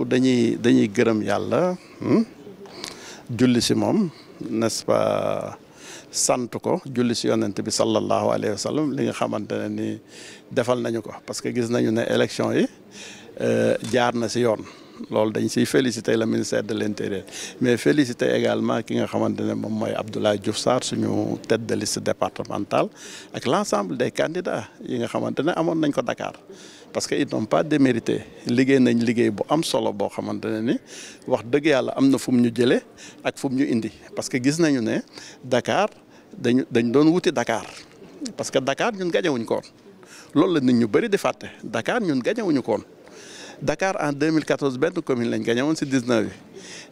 dañuy dañuy gërëm yàlla hmm? julli si moom n'est-ce sant ko julli si yonent bi sallallahu alayhi wa li nga xamante ne ni defal nañu ko parce que gis nañu ne élection yi euh, jaar na si yoon loolu dañ siy féliciter la ministère de l'intérieur mais féliciter également ki nga xamante ne moom mooy Abdoulaye Diouf Sarr suñu tête de liste départementale ak l'ensemble des candidats yi nga xamante ne amoon nañ ko dakaar parce que ils n'ont pas démérité liggéey nañ liggéey bu am solo boo xamante ne ni wax dëgg yàlla am na fu ñu jëlee ak fu ñu indi parce que gis nañu ne dakaar dañu dañ doon wuti Dakar parce que Dakar ñun gañewuñ koon loolu la nit ñu bëri di fàtte ñun gañewuñu koon Dakar en 2014 benn commune lañ gagné woon si 19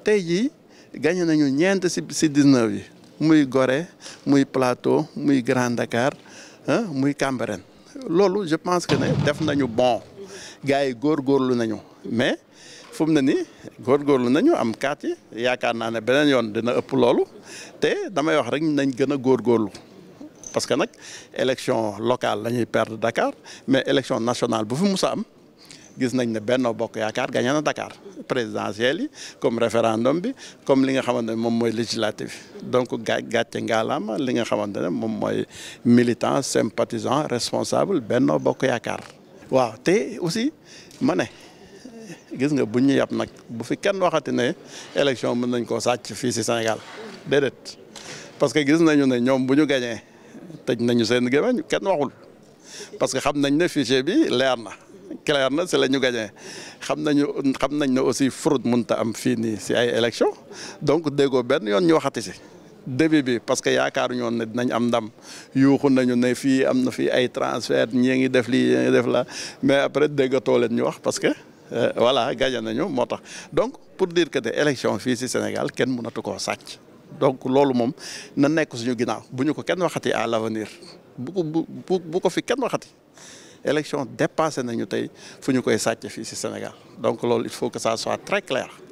tey jii gagné nañu ñeent si si 19 yi muy Gorée muy Plateau muy Grand Dakar ah muy Cambérène loolu je pense que def nañu bon gars yi góorgóorlu nañu mais fu ne nii góorgóorlu nañu am kaat yaakaar naa ne beneen yoon dina ëpp loolu te damay wax rek nañ gën a góorlu parce que nag élection locale la ñuy perdre Dakar mais élection nationale bu fi musa am gis nañ ne benn Bokk Yaakaar gagné na Dakar présidentielle yi comme référendum bi comme li nga xamante ne moom mooy législative donc gaa gàcce ngaalaama li nga xamante ne moom mooy militant sympathisant responsable Benno Bokk Yaakaar waaw te aussi ma ne gis nga bu ñu yàpp nag bu fi kenn waxati ne élection mën nañ koo sàcc fii si Sénégal déedéet parce que gis nañu ne ñoom bu ñu gañee tëj nañu seen gémmiñ kenn waxul parce que xam nañ ne fichier bi leer na clair na si la ñu gagné xam nañu xam nañ ne aussi fraude mënta am fii nii si ay élection donc déggoo benn yoon ñu waxati si. début bi parce que yaakaaruñu woon ne dinañ am ndam yuuxu nañu ne fii am na fi ay transfert ñii ngi def lii ñii ngi def la mais après déggatoo leen ñu wax parce que euh, voilà gagné nañu moo tax donc pour dire que de élection fii si Sénégal kenn munatu ko sàcc donc loolu moom na nekk suñu ginnaaw bu ñu ko kenn waxati à l'avenir bu ko bu ko fi kenn waxati. élection dépassé nañu tey fu ñu koy sàcc fii ci Sénégal donc loolu il faut que ça soit très clair